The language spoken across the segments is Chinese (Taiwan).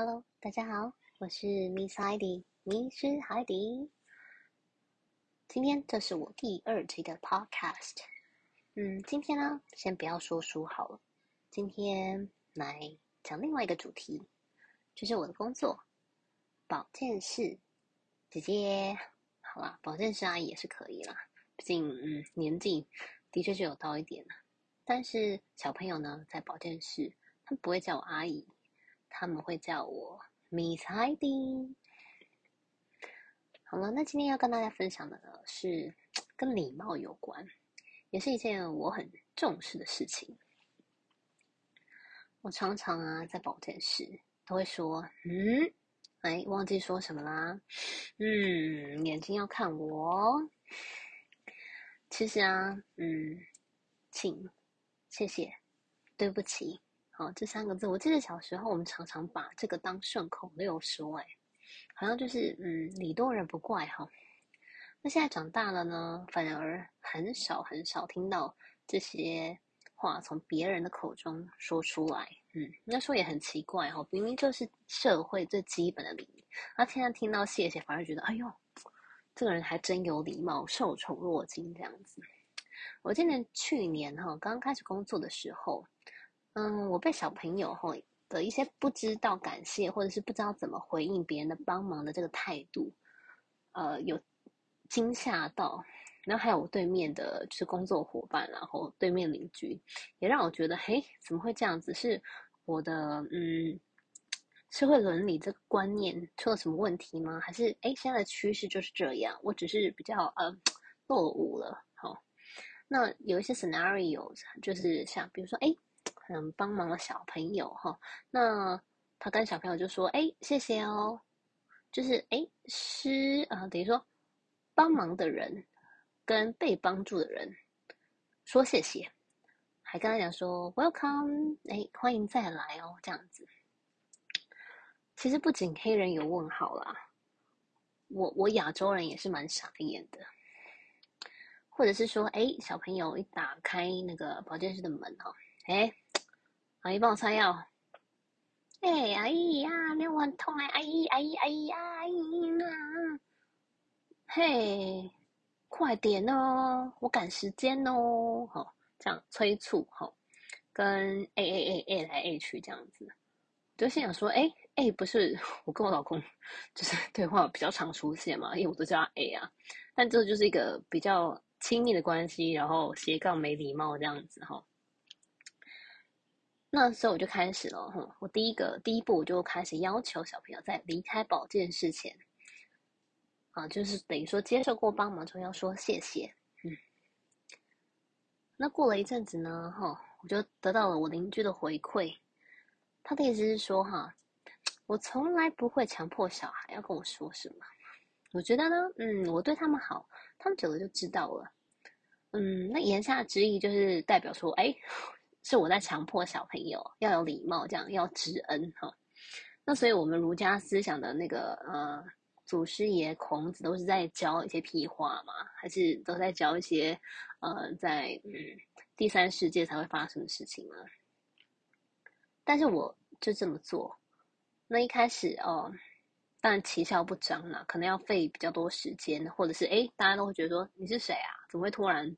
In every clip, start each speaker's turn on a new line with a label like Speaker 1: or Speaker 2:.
Speaker 1: Hello，大家好，我是 Miss Heidi，迷失海迪。今天這是我第二集的 Podcast。嗯，今天呢，先不要說書好了，今天來講另外一個主題，就是我的工作——保健室姐姐。好啦，保健室阿姨也是可以啦，畢竟嗯，年紀的確是有到一點啦，但是小朋友呢，在保健室，他們不會叫我阿姨。他們會叫我 Miss Heidi。好了，那今天要跟大家分享的呢，是跟禮貌有關，也是一件我很重視的事情。我常常啊，在保健室都會說，嗯，哎，忘記說什麼啦，嗯，眼睛要看我。其實啊，嗯，請，謝謝，對不起。哦，這三個字，我記得小時候，我們常常把這個當順口溜說，欸，哎，好像就是嗯，禮多人不怪哈。那，哦，現在長大了呢，反而很少很少聽到這些話從別人的口中說出來。嗯，那說也很奇怪哦，明明就是社會最基本的禮儀，那，啊，現在聽到謝謝反而覺得哎呦，這個人還真有禮貌，受寵若驚這樣子。我記得去年哈，剛開始工作的時候。嗯，我被小朋友的一些不知道感謝，或者是不知道怎麼回應別人的幫忙的這個態度，呃，有驚嚇到。然後還有我對面的就是工作夥伴，然後對面鄰居，也讓我覺得，嘿，怎麼會這樣子？是我的嗯，社會倫理這個觀念出了什麼問題嗎？還是哎，現在的趨勢就是這樣？我只是比較呃落伍了，了。好，那有一些 scenarios 就是像比如說，哎。可能幫忙了小朋友哈，那他跟小朋友就說：“誒、欸、謝謝哦。”就是誒、欸、是啊、呃，等於說幫忙的人跟被幫助的人說謝謝，還跟他講說：“Welcome，誒歡、欸、歡迎再來哦。”這樣子。其實不僅黑人有問號啦，我我亞洲人也是蠻傻眼的，或者是說，誒、欸、小朋友一打開那個保健室的門哦。誒、欸阿姨幫我擦藥。欸、阿姨呀、啊，沒有我很痛來、欸，阿姨，阿姨呀、啊，阿姨呀、啊，嘿，快點哦、喔，我趕時間哦、喔。好，這樣催促。跟 A A A A 來 A 去這樣子。就心想說，誒、欸、誒、欸、不是，我跟我老公就是對話比較常出現嘛，因為我都叫他誒、欸、啊。但這就是一個比較親密的關係，然後斜槓沒禮貌這樣子哈。那時候我就開始了，哈，我第一個第一步我就開始要求小朋友在離開保健室前，啊，就是等於說接受過幫忙之後要說謝謝，嗯。那過了一陣子呢，哈，我就得到了我鄰居的回饋，他的意思是說，哈，我從來不會強迫小孩要跟我說什麼，我覺得呢，嗯，我對他們好，他們久了就知道了，嗯，那言下之意就是代表說，哎、欸。是我在強迫小朋友要有禮貌，這樣要知恩哈。那所以，我們儒家思想的那個呃，祖師爺孔子都是在教一些屁話嘛？還是都在教一些呃，在嗯第三世界才會發生的事情呢？但是我就這麼做，那一開始哦、呃，當然奇效不彰啦，可能要費比較多時間，或者是誒、欸、大家都會覺得說你是誰啊？怎麼會突然？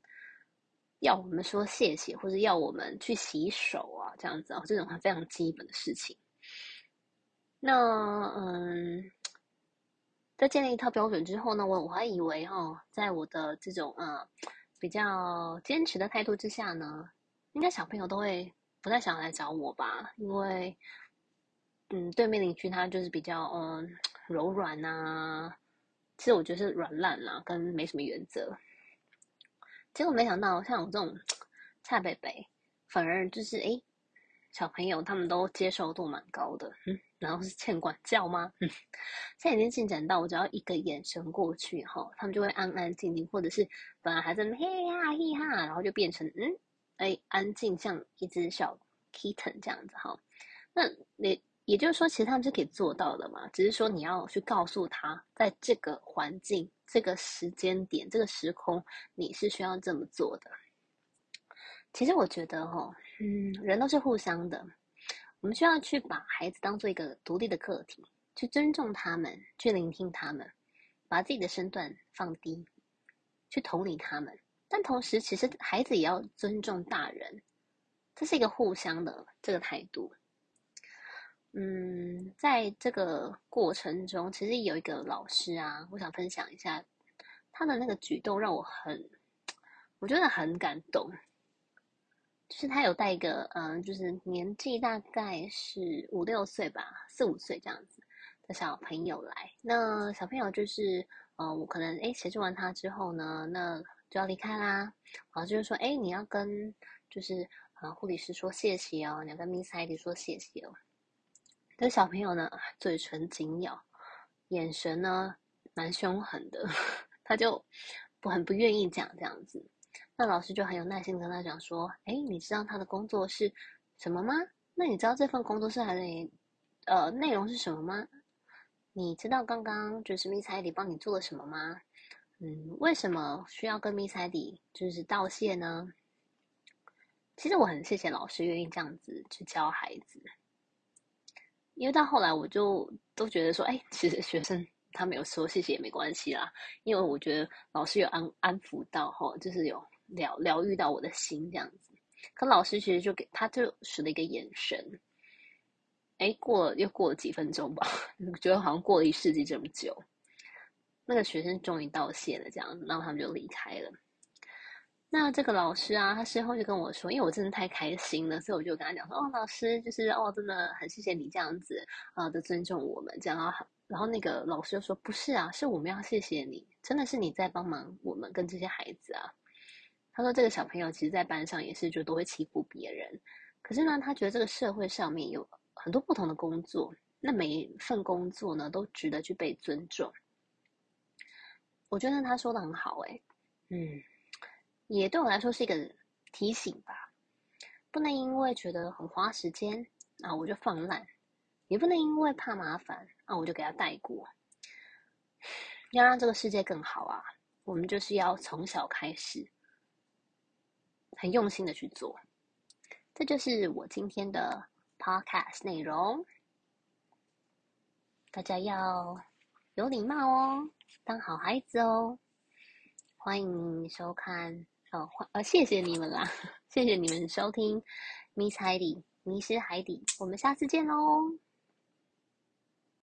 Speaker 1: 要我們說謝謝，或者要我們去洗手啊，這樣子啊，這種很非常基本的事情。那嗯，在建立一套標準之後呢，我我還以為哦，在我的這種啊、嗯、比較堅持的態度之下呢，應該小朋友都會不太想來找我吧，因為嗯，對面鄰居他就是比較嗯柔軟吶、啊，其實我覺得是軟爛啦、啊，跟沒什麼原則。結果沒想到，像我這種恰北北，反而就是、欸、小朋友他們都接受度蠻高的、嗯，然後是欠管教嗎？嗯、現在已經進展到我只要一個眼神過去，他們就會安安靜靜，或者是本來還在嘿哈嘿哈，然後就變成嗯，哎、欸，安靜，像一隻小 kitten 這樣子，哈，那你？也就是說，其實他們是可以做到的嘛，只是說你要去告訴他，在這個環境、這個時間點、這個時空，你是需要這麼做的。其實我覺得，哦，哈，嗯，人都是互相的，我們需要去把孩子當做一個獨立的個體，去尊重他們，去聆聽他們，把自己的身段放低，去同理他們。但同時，其實孩子也要尊重大人，這是一個互相的這個態度。嗯，在這個過程中，其實有一個老師啊，我想分享一下他的那個舉動，讓我很我覺得很感動。就是他有帶一個嗯、呃，就是年紀大概是五六歲吧，四五歲這樣子的小朋友來。那小朋友就是呃，我可能哎協助完他之後呢，那就要離開啦。然後就是說，哎，你要跟就是呃護理師說謝謝哦，你要跟 Miss Heidi 說謝謝哦。這小朋友呢，嘴唇緊咬，眼神呢蠻兇狠的，呵呵，他就不很不願意講這樣子。那老師就很有耐心跟他講說：“哎、欸，你知道他的工作是什麼嗎？那你知道這份工作是哪裡？呃，內容是什麼嗎？你知道剛剛就是迷彩禮幫你做了什麼嗎？嗯，為什麼需要跟迷彩禮就是道謝呢？其實我很謝謝老師願意這樣子去教孩子。”因為到後來，我就都覺得說，哎、欸，其實學生他沒有說謝謝也沒關係啦，因為我覺得老師有安安撫到哈，就是有療療癒到我的心這樣子。可老師其實就給他就使了一個眼神，哎、欸，過了又過了幾分鐘吧，覺得好像過了一世紀這麼久，那個學生終於道謝了，這樣子，然後他們就離開了。那這個老師啊，他事後就跟我說，因為我真的太開心了，所以我就跟他講說：“哦，老師，就是哦，真的很謝謝你這樣子啊、呃、的尊重我們。”這樣、啊，然後那個老師就說：“不是啊，是我們要謝謝你，真的是你在幫忙我們跟這些孩子啊。”他說：“這個小朋友其實在班上也是就都會欺負別人，可是呢，他覺得這個社會上面有很多不同的工作，那每一份工作呢都值得去被尊重。”我覺得他說得很好、欸，誒。嗯。也對我來說是一個提醒吧，不能因為覺得很花時間啊，我就放爛，也不能因為怕麻煩啊，我就給它帶過。要讓這個世界更好啊，我們就是要從小開始，很用心的去做。這就是我今天的 podcast 內容。大家要有禮貌哦，當好孩子哦。歡迎收看。好，呃、哦，謝謝你們啦，謝謝你們收聽《迷彩裡迷失海底，》 我們下次見嘍。